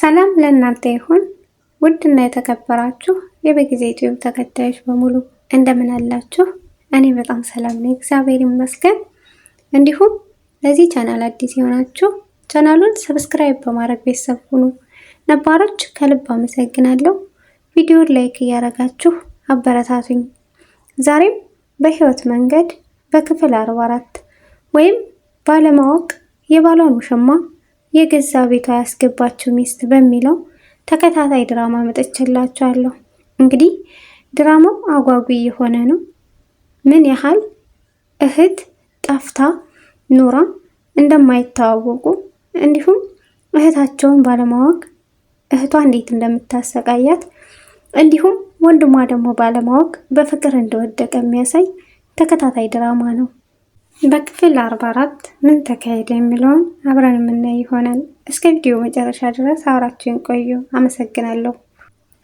ሰላም ለእናንተ ይሁን ውድና የተከበራችሁ የበጊዜ ዩቲዩብ ተከታዮች በሙሉ እንደምን አላችሁ? እኔ በጣም ሰላም ነኝ፣ እግዚአብሔር ይመስገን። እንዲሁም ለዚህ ቻናል አዲስ የሆናችሁ ቻናሉን ሰብስክራይብ በማድረግ ቤተሰብ ሁኑ። ነባሮች ከልብ አመሰግናለሁ። ቪዲዮን ላይክ እያደረጋችሁ አበረታቱኝ። ዛሬም በህይወት መንገድ በክፍል አርባ አራት ወይም ባለማወቅ የባሏን ውሽማ የገዛ ቤቷ ያስገባችው ሚስት በሚለው ተከታታይ ድራማ መጥቼላችኋለሁ። እንግዲህ ድራማው አጓጊ የሆነ ነው። ምን ያህል እህት ጠፍታ ኑራ እንደማይተዋወቁ እንዲሁም እህታቸውን ባለማወቅ እህቷ እንዴት እንደምታሰቃያት እንዲሁም ወንድሟ ደግሞ ባለማወቅ በፍቅር እንደወደቀ የሚያሳይ ተከታታይ ድራማ ነው። በክፍል 44 ምን ተካሄደ የሚለውን አብረን የምናይ ይሆናል። እስከ ቪዲዮ መጨረሻ ድረስ አብራችሁን ቆዩ። አመሰግናለሁ።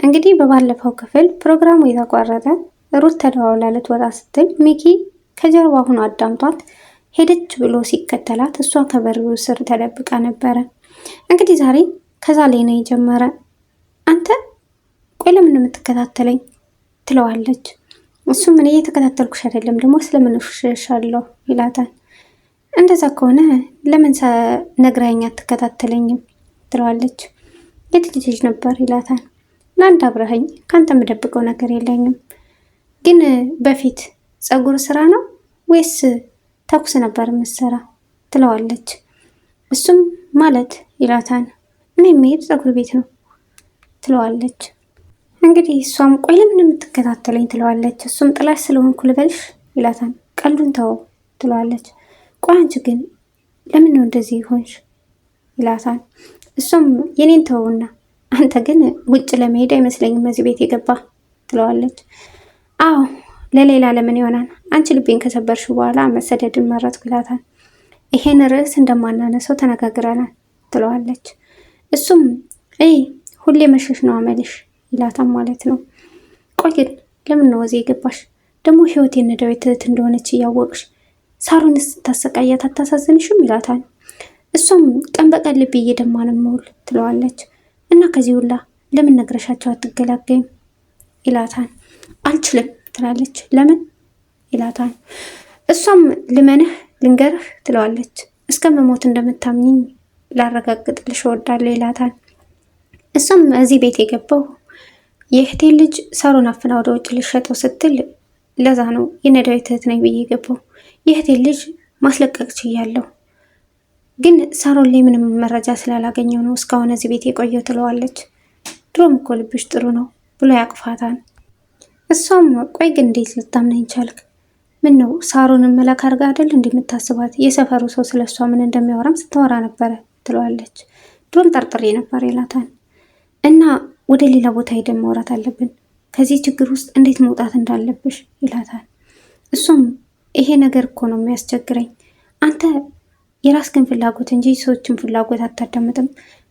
እንግዲህ በባለፈው ክፍል ፕሮግራሙ የተቋረጠ ሩት ተደዋውላ ልትወጣ ስትል ሚኪ ከጀርባ ሆኖ አዳምጧት ሄደች ብሎ ሲከተላት እሷ ከበሩ ስር ተደብቃ ነበረ። እንግዲህ ዛሬ ከዛ ላይ ነው የጀመረ። አንተ ቆይ ለምን የምትከታተለኝ ትለዋለች። እሱ ምን እየተከታተልኩሽ አይደለም ደግሞ ስለምን ይላታል። እንደዛ ከሆነ ለምን ነግራኛ አትከታተለኝም? ትለዋለች። የት ልጅ ነበር ይላታል። ለአንድ አብረኸኝ ከአንተ የምደብቀው ነገር የለኝም። ግን በፊት ፀጉር ስራ ነው ወይስ ተኩስ ነበር የምትሰራ? ትለዋለች። እሱም ማለት ይላታል። እኔ የምሄድ ፀጉር ቤት ነው ትለዋለች። እንግዲህ እሷም ቆይ ለምን የምትከታተለኝ? ትለዋለች። እሱም ጥላሽ ስለሆንኩ ልበልሽ ይላታል። ቀልዱን ተወው ትለዋለች። ቆይ አንቺ ግን ለምን ነው እንደዚህ ሆንሽ? ይላታል። እሱም የኔን ተውና አንተ ግን ውጭ ለመሄድ አይመስለኝም እዚህ ቤት የገባ ትለዋለች። አዎ ለሌላ ለምን ይሆናል? አንቺ ልቤን ከሰበርሽ በኋላ መሰደድን መረጥኩ ይላታል። ይሄን ርዕስ እንደማናነሰው ተነጋግረናል ትለዋለች። እሱም ይ ሁሌ መሸሽ ነው አመልሽ ይላታል ማለት ነው። ቆይ ግን ለምን ነው እዚህ የገባሽ? ደግሞ ህይወት የነዳዊ ትህት እንደሆነች እያወቅሽ ሳሩን ስታሰቃያት አታሳዝንሽም ይላታል። እሷም ቀን በቀን ልቤ እየደማ ነው መውል ትለዋለች። እና ከዚህ ሁላ ለምን ነግረሻቸው አትገላገይም ይላታል። አልችልም ትላለች። ለምን ይላታል። እሷም ልመንህ ልንገርህ ትለዋለች። እስከ መሞት እንደምታምኝኝ ላረጋግጥልሽ እወዳለሁ ይላታል። እሷም እዚህ ቤት የገባው የእህቴ ልጅ ሳሩን አፍና ወደ ውጭ ልሸጠው ስትል ለዛ ነው የነዳዊ እህት ነኝ ብዬ የገባው የእህቴን ልጅ ማስለቀቅ ችያለሁ፣ ግን ሳሮን ላይ ምንም መረጃ ስላላገኘው ነው እስካሁን እዚህ ቤት የቆየው ትለዋለች። ድሮም እኮ ልብሽ ጥሩ ነው ብሎ ያቅፋታል። እሷም ቆይ ግን እንዴት ልታምነኝ ቻልክ? ምን ነው ሳሮንን መላክ አድርጋ አይደል እንደምታስባት? የሰፈሩ ሰው ስለ እሷ ምን እንደሚያወራም ስታወራ ነበረ ትለዋለች። ድሮም ጠርጥሬ ነበር ይላታል። እና ወደ ሌላ ቦታ ሄደን ማውራት አለብን ከዚህ ችግር ውስጥ እንዴት መውጣት እንዳለብሽ ይላታል። እሱም ይሄ ነገር እኮ ነው የሚያስቸግረኝ። አንተ የራስህን ፍላጎት እንጂ ሰዎችን ፍላጎት አታዳምጥም።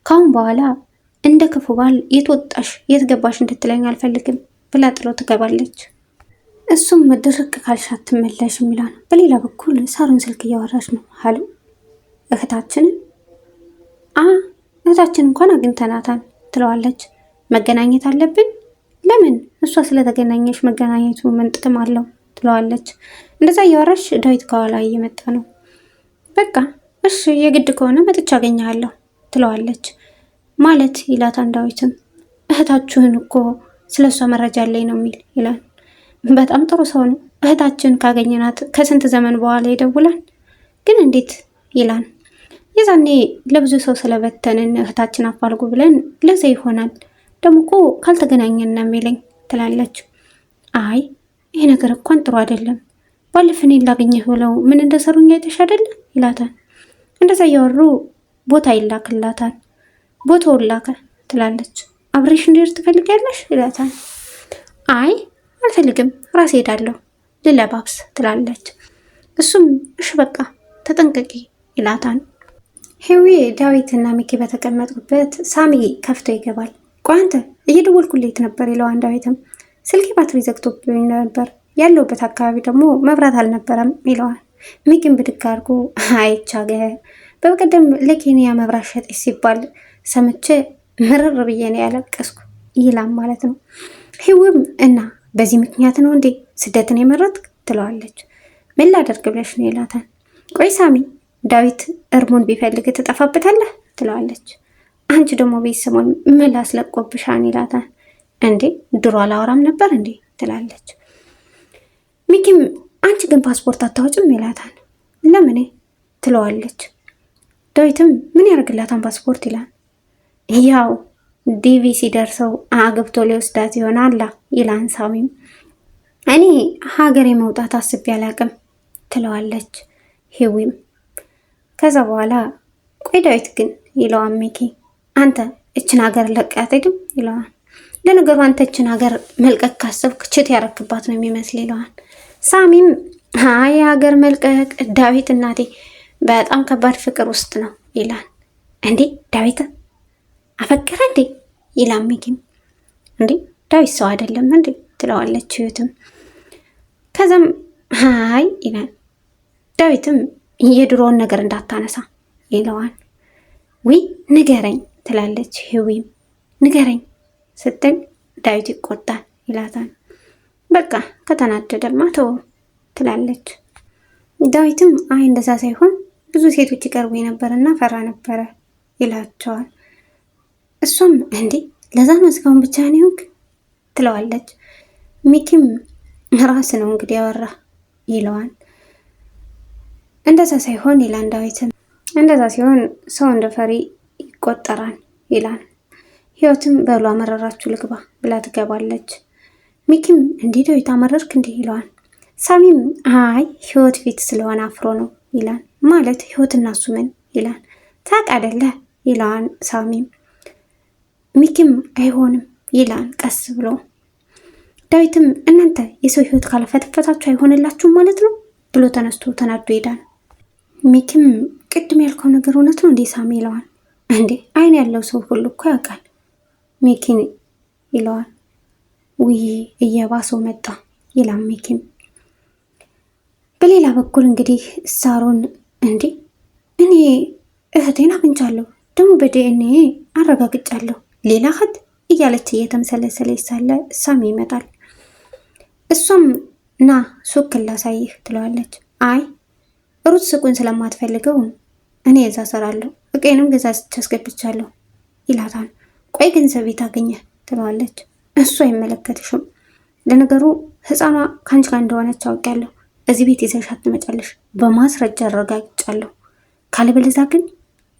ካሁን በኋላ እንደ ክፉ ባል የት ወጣሽ የት ገባሽ እንድትለኝ አልፈልግም ብላ ጥሎ ትገባለች። እሱም ድርቅ ካልሽ አትመለሽም ይላል። በሌላ በኩል ሳሩን ስልክ እያወራች ነው። አሉ እህታችንን አ እህታችን እንኳን አግኝተናታል ትለዋለች። መገናኘት አለብን። ለምን? እሷ ስለተገናኘሽ መገናኘቱ ምን ጥቅም አለው? ትለዋለች። እንደዛ እያወራች ዳዊት ከኋላ እየመጣ ነው። በቃ እሺ የግድ ከሆነ መጥቼ አገኘሃለሁ ትለዋለች። ማለት ይላት ዳዊትም። እህታችሁን እኮ ስለ እሷ መረጃ አለኝ ነው የሚል ይላል። በጣም ጥሩ ሰው ነው። እህታችን ካገኘናት ከስንት ዘመን በኋላ ይደውላል። ግን እንዴት ይላል። የዛኔ ለብዙ ሰው ስለበተንን እህታችን አፋልጉ ብለን ለዛ ይሆናል ደግሞ እኮ ካልተገናኘን ነው የሚለኝ ትላለች። አይ ይሄ ነገር እንኳን ጥሩ አይደለም። ባለፈ እኔን ላገኘህ ብለው ምን እንደሰሩኝ አይተሽ አይደለም ይላታል። እንደዛ እያወሩ ቦታ ይላክላታል። ቦታውን ላከ ትላለች። አብሬሽ እንዲሄድ ትፈልጊያለሽ ይላታል። አይ አልፈልግም፣ ራሴ ሄዳለሁ ልለባብስ ትላለች። እሱም እሽ በቃ ተጠንቀቂ ይላታል። ሄዊ ዳዊትና ሚኪ በተቀመጡበት ሳሚ ከፍቶ ይገባል። ቆይ አንተ ሌት ነበር ይለዋን ዳዊትም ስልኬ ባትሪ ዘግቶብኝ ነበር፣ ያለውበት አካባቢ ደግሞ መብራት አልነበረም ይለዋል። ሚግን ብድግ አድርጎ አይቻገ በቀደም ለኬንያ መብራት ሸጠች ሲባል ሰምቼ ምርር ብዬ ነው ያለቀስኩ ይላም ማለት ነው። ህውም እና በዚህ ምክንያት ነው እንዴ ስደትን የመረት ትለዋለች። ምን ላደርግ ብለሽ ነው ይላታል። ቆይ ሳሚ ዳዊት እርሙን ቢፈልግ ትጠፋበታለህ ትለዋለች። አንቺ ደግሞ ቤት ስሙን ምን ላስለቆብሻን ይላታል። እንዴ ድሮ አላወራም ነበር እንዴ ትላለች። ሚኪም አንቺ ግን ፓስፖርት አታወጭም ይላታል። ለምኔ ትለዋለች። ዳዊትም ምን ያደርግላታን ፓስፖርት ይላል። ያው ዲቪ ሲደርሰው አግብቶ ሊወስዳት ይሆናላ ይላን ሳሚም። እኔ ሀገሬ መውጣት አስቤ አላቅም ትለዋለች ሂዊም። ከዛ በኋላ ቆይ ዳዊት ግን ይለዋል ሚኪ አንተ እችን ሀገር ለቀህ አትሄድም ይለዋል። ለነገሩ አንተችን ሀገር መልቀቅ ካሰብክ ችት ያረክባት ነው የሚመስል ይለዋል። ሳሚም አይ ሀገር መልቀቅ ዳዊት፣ እናቴ በጣም ከባድ ፍቅር ውስጥ ነው ይላል። እንዴ ዳዊት አፈቀረ እንዴ ይላል። ሚኪም እንዴ ዳዊት ሰው አይደለም እንዴ ትለዋለች ህይወትም። ከዛም አይ ይላል። ዳዊትም የድሮውን ነገር እንዳታነሳ ይለዋል። ዊ ንገረኝ ትላለች ህዊም ንገረኝ ስትል ዳዊት ይቆጣል ይላታል። በቃ ከተናደደማ ተው ትላለች። ዳዊትም አይ እንደዛ ሳይሆን ብዙ ሴቶች ይቀርቡ የነበረና ፈራ ነበረ ይላቸዋል። እሷም እንዴ ለዛ ነው እስካሁን ብቻ ይሆንክ ትለዋለች። ሚኪም ራስ ነው እንግዲህ ያወራ ይለዋል። እንደዛ ሳይሆን ይላን ዳዊትም። እንደዛ ሲሆን ሰው እንደ ፈሪ ይቆጠራል ይላል። ህይወትም በሉ አመረራችሁ ልግባ ብላ ትገባለች። ሚኪም እንዲህ ዳዊት አመረርክ እንዲህ ይለዋል። ሳሚም አይ ህይወት ፊት ስለሆነ አፍሮ ነው ይላል። ማለት ህይወት እናሱ ምን ይላል። ታውቅ አይደለ ይለዋል ሳሚም። ሚኪም አይሆንም ይላል ቀስ ብሎ። ዳዊትም እናንተ የሰው ህይወት ካለፈተፈታችሁ አይሆንላችሁም ማለት ነው ብሎ ተነስቶ ተናዶ ይሄዳል። ሚኪም ቅድም ያልከው ነገር እውነት ነው እንዴ ሳሚ ይለዋል። እንዴ አይን ያለው ሰው ሁሉ እኮ ያውቃል ሜኪን ይለዋል። ውይ እየባሰው መጣ ይላል ሜኪን። በሌላ በኩል እንግዲህ ሳሮን እንዴ እኔ እህቴን አግኝቻለሁ ደግሞ በዲኤንኤ አረጋግጫለሁ ሌላ እህት እያለች እየተመሰለሰለች ሳለ ሳሚ ይመጣል። እሷም ና ሱክ ላሳይህ ትለዋለች። አይ ሩት ሱቁን ስለማትፈልገው እኔ እዛ እሰራለሁ እቀንም ገዛ አስገብቻለሁ ይላታል። ቆይ ገንዘብ የታገኘ ትለዋለች። እሱ አይመለከትሽም። ለነገሩ ህፃኗ ከአንቺ ጋር እንደሆነች አውቄያለሁ። እዚህ ቤት ይዘሻት ትመጫለሽ፣ በማስረጃ አረጋግጫለሁ። ካለበለዛ ግን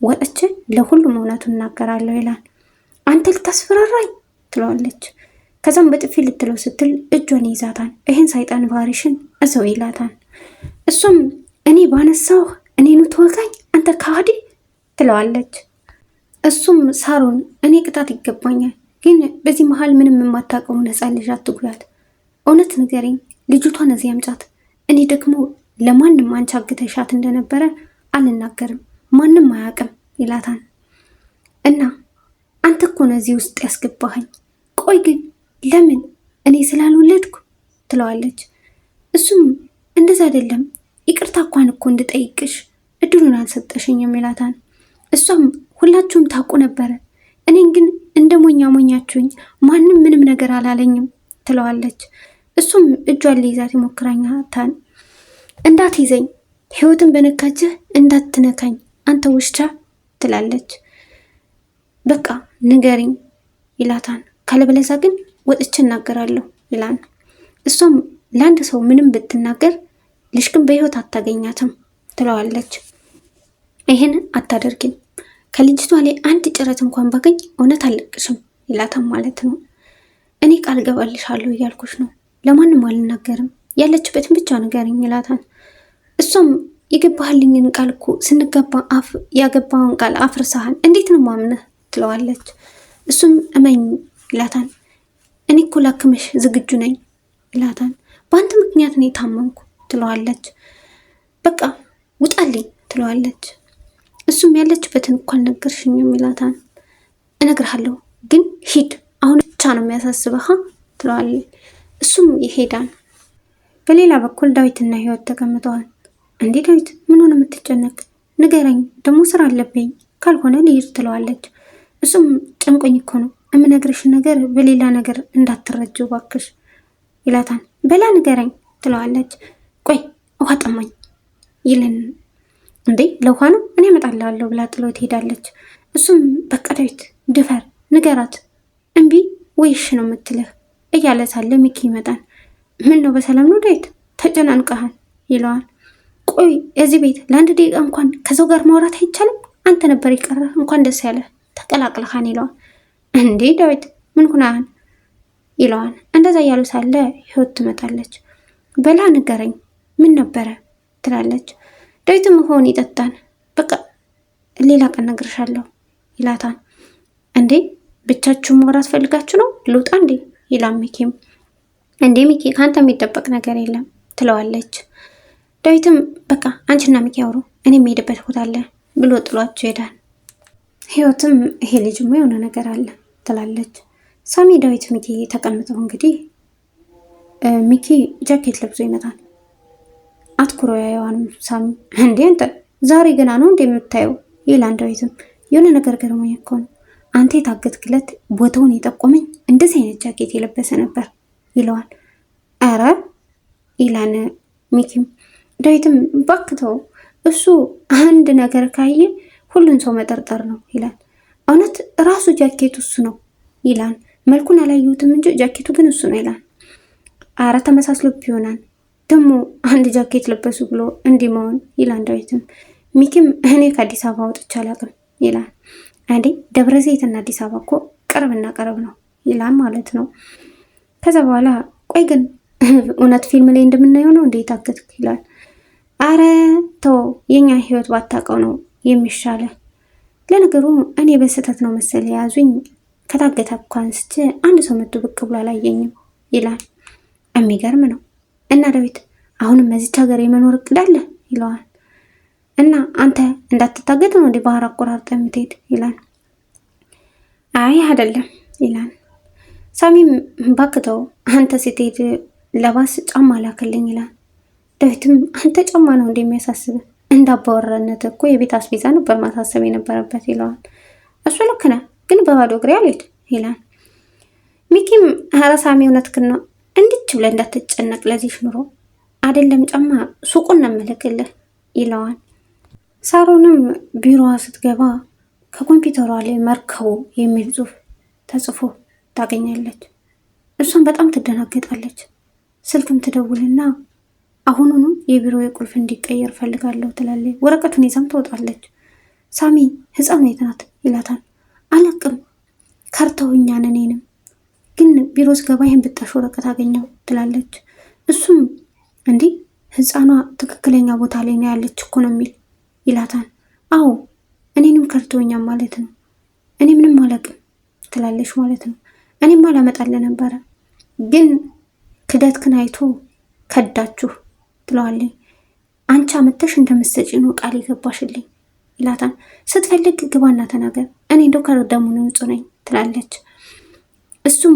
ወጥቼ ለሁሉም እውነቱ እናገራለሁ ይላል። አንተ ልታስፈራራኝ ትለዋለች። ከዛም በጥፊ ልትለው ስትል እጇን ይዛታል። ይህን ሰይጣን ባህሪሽን እሰው ይላታል። እሱም እኔ ባነሳው እኔኑ ተወጋኝ አንተ ከሃዲ ትለዋለች። እሱም ሳሮን እኔ ቅጣት ይገባኛል፣ ግን በዚህ መሀል ምንም የማታውቀውን ሕፃን ልጅ አትጉዳት። እውነት ንገሪኝ፣ ልጅቷን እዚህ አምጫት። እኔ ደግሞ ለማንም አንቺ አግተሻት እንደነበረ አልናገርም፣ ማንም አያውቅም ይላታል። እና አንተ እኮ ነው እዚህ ውስጥ ያስገባኸኝ። ቆይ ግን ለምን እኔ ስላልወለድኩ ትለዋለች። እሱም እንደዛ አይደለም፣ ይቅርታ እንኳን እኮ እንድጠይቅሽ እድሉን አልሰጠሽኝም ይላታል። እሷም ሁላችሁም ታውቁ ነበረ፣ እኔን ግን እንደ ሞኛ ሞኛችሁኝ፣ ማንም ምንም ነገር አላለኝም ትለዋለች። እሱም እጇን ሊይዛት እንዳት እንዳትይዘኝ፣ ህይወትን በነካችህ እንዳትነካኝ አንተ ውሻ ትላለች። በቃ ንገሪኝ ይላታን ካለበለዛ ግን ወጥቼ እናገራለሁ ይላል። እሷም ለአንድ ሰው ምንም ብትናገር ልሽ ግን በህይወት አታገኛትም ትለዋለች። ይህን አታደርግኝ ከልጅቷ ላይ አንድ ጭረት እንኳን ባገኝ እውነት አልለቅሽም ይላታም ማለት ነው። እኔ ቃል ገባልሻለሁ እያልኩሽ ነው፣ ለማንም አልናገርም፣ ያለችበትን ብቻ ነገርኝ ይላታል። እሷም የገባህልኝን ቃል እኮ ስንገባ ያገባውን ቃል አፍርሰሃል፣ እንዴት ነው ማምነህ ትለዋለች። እሱም እመኝ ይላታል። እኔ እኮ ላክምሽ ዝግጁ ነኝ ይላታል። በአንተ ምክንያት ነው የታመምኩ ትለዋለች። በቃ ውጣልኝ ትለዋለች። እሱም ያለችበትን እኮ አልነገርሽኝም ይላታል። እነግርሃለሁ ግን ሂድ፣ አሁን ብቻ ነው የሚያሳስበህ ትለዋል። እሱም ይሄዳል። በሌላ በኩል ዳዊትና ህይወት ተቀምጠዋል። እንዴ ዳዊት፣ ምን ሆነ የምትጨነቅ? ንገረኝ፣ ደግሞ ስራ አለብኝ፣ ካልሆነ ልይዙ ትለዋለች። እሱም ጨንቆኝ እኮ ነው የምነግርሽ ነገር በሌላ ነገር እንዳትረጅው ባክሽ ይላታል። በላ ንገረኝ ትለዋለች። ቆይ ውሃ ጠማኝ ይልን እንዴ ለውሃ ነው እኔ እመጣልሃለሁ ብላ ጥሎ ትሄዳለች። እሱም በቃ ዳዊት ድፈር፣ ንገራት፣ እምቢ ወይሽ ነው የምትልህ እያለ ሳለ ሚኪ ይመጣል። ምን ነው በሰላም ነው ዳዊት፣ ተጨናንቀሃል ይለዋል። ቆይ እዚህ ቤት ለአንድ ደቂቃ እንኳን ከሰው ጋር ማውራት አይቻልም? አንተ ነበር የቀረ እንኳን ደስ ያለ ተቀላቅለሃን ይለዋል። እንዴ ዳዊት ምን ሁናህን ይለዋል። እንደዛ እያሉ ሳለ ህይወት ትመጣለች። በላ ንገረኝ ምን ነበረ ትላለች። ዳዊትም መሆን ይጠጣን በቃ ሌላ ቀን ነግርሻለሁ ይላታል። እንዴ ብቻችሁ መውራት ፈልጋችሁ ነው ልውጣ እንዴ ይላም ሚኪም። እንዴ ሚኪ ከአንተ የሚጠበቅ ነገር የለም ትለዋለች። ዳዊትም በቃ አንቺና ሚኪ አውሩ እኔ የምሄድበት ቦታ አለ ብሎ ጥሏቸው ይሄዳል። ህይወትም ይሄ ልጅማ የሆነ ነገር አለ ትላለች። ሳሚ ዳዊት ሚኪ ተቀምጠው እንግዲህ ሚኪ ጃኬት ለብሶ ይመጣል። አትኩሮ ያየዋን ሳሚ እንዴ አንተ ዛሬ ገና ነው እንዴ የምታየው? ይላል ዳዊትም የሆነ ነገር ገርሞኝ እኮ ነው አንተ የታገትክለት ቦታውን የጠቆመኝ እንደዚህ አይነት ጃኬት የለበሰ ነበር ይለዋል። አረ ይላል ሚኪም። ዳዊትም ባክተው እሱ አንድ ነገር ካየ ሁሉን ሰው መጠርጠር ነው ይላል። እውነት ራሱ ጃኬቱ እሱ ነው ይላል። መልኩን አላየሁትም እንጂ ጃኬቱ ግን እሱ ነው ይላል። አረ ተመሳስሎ ቢሆናል ደግሞ አንድ ጃኬት ለበሱ ብሎ እንዲህ መሆን ይላል ዳዊትም። ሚኪም እኔ ከአዲስ አበባ ወጥቼ አላውቅም ይላል። አንዴ ደብረ ዘይትና አዲስ አበባ እኮ ቅርብና ቅርብ ነው ይላል ማለት ነው። ከዛ በኋላ ቆይ ግን እውነት ፊልም ላይ እንደምናየው ነው እንዴ የታገትኩ ይላል። አረ ተው የኛ ህይወት ባታውቀው ነው የሚሻለ። ለነገሩ እኔ በስህተት ነው መሰል የያዙኝ ከታገታ አንስቼ አንድ ሰው መቶ ብቅ ብሎ አላየኝም ይላል። የሚገርም ነው እና ዳዊት አሁንም በዚች ሀገር የመኖር እቅድ አለ ይለዋል። እና አንተ እንዳትታገጥ ነው እንዲህ ባህር አቆራርጠ የምትሄድ ይላል። አይ አይደለም ይላል። ሳሚም ባክተው አንተ ስትሄድ ለባስ ጫማ ላክልኝ ይላል። ዳዊትም አንተ ጫማ ነው እንደሚያሳስብ እንዳባወራነት እኮ የቤት አስቤዛ ነበር ማሳሰብ የነበረበት ይለዋል። እሱ ልክ ነህ፣ ግን በባዶ እግሬ አልሄድ ይላል። ሚኪም ኧረ ሳሚ እውነትህን ነው እንዲች ብለ እንዳትጨነቅ ለዚህ ኑሮ አይደለም ጫማ ሱቁን እናመለክልህ ይለዋል። ሳሮንም ቢሮዋ ስትገባ ከኮምፒውተሯ ላይ መርከቡ የሚል ጽሑፍ ተጽፎ ታገኛለች። እሷም በጣም ትደናገጣለች። ስልክም ትደውልና አሁኑኑ የቢሮ ቁልፍ እንዲቀየር ፈልጋለሁ ትላለች። ወረቀቱን ይዛም ትወጣለች። ሳሚ ህፃን የት ናት ይላታል። አላቅም ከርተውኛን እኔንም ቢሮ ስገባ ይህን ብጣሽ ወረቀት አገኘው ትላለች። እሱም እንዲህ ህፃኗ ትክክለኛ ቦታ ላይ ነው ያለች እኮ ነው የሚል ይላታል። አዎ እኔንም ከርቶኛም ማለት ነው። እኔ ምንም አላውቅም ትላለች ማለት ነው። እኔም አላመጣለ ነበረ ግን ክደትክን አይቶ ከዳችሁ ትለዋለኝ። አንቺ አመተሽ እንደምትሰጪ ነው ቃል የገባሽልኝ ይላታል። ስትፈልግ ግባና ተናገር፣ እኔ እንደው ከደሙ ንጹህ ነኝ ትላለች። እሱም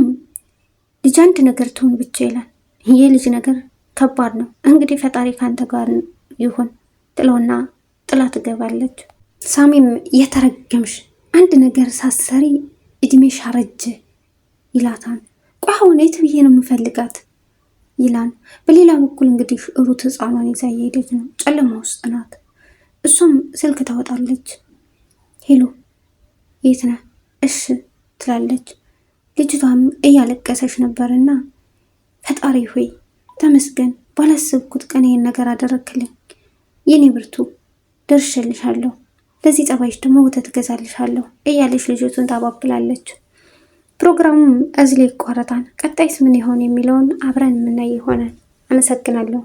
ልጅ አንድ ነገር ትሆን ብቻ ይላል። ይህ ልጅ ነገር ከባድ ነው። እንግዲህ ፈጣሪ ከአንተ ጋር ይሁን ጥለውና ጥላ ትገባለች። ሳሚም የተረገምሽ አንድ ነገር ሳሰሪ እድሜሽ አረጀ ይላታል። ቋሁን የት ብዬ ነው የምፈልጋት ይላል። በሌላ በኩል እንግዲህ ሩት ህፃኗን ይዛ እየሄደች ነው። ጨለማ ውስጥ ናት። እሷም ስልክ ታወጣለች። ሄሎ የት ነህ? እሺ ትላለች። ልጅቷም እያለቀሰች ነበርና ፈጣሪ ሆይ ተመስገን፣ ባላሰብኩት ቀን ይህን ነገር አደረክልኝ። የኔ ብርቱ ደርሼልሻለሁ፣ ለዚህ ጸባይሽ ደግሞ ወተት እገዛልሻለሁ እያለች ልጅቱን ታባብላለች። ፕሮግራሙም እዚህ ላይ ይቋረጣል። ቀጣይስ ምን ይሆን የሚለውን አብረን የምናይ ይሆናል። አመሰግናለሁ።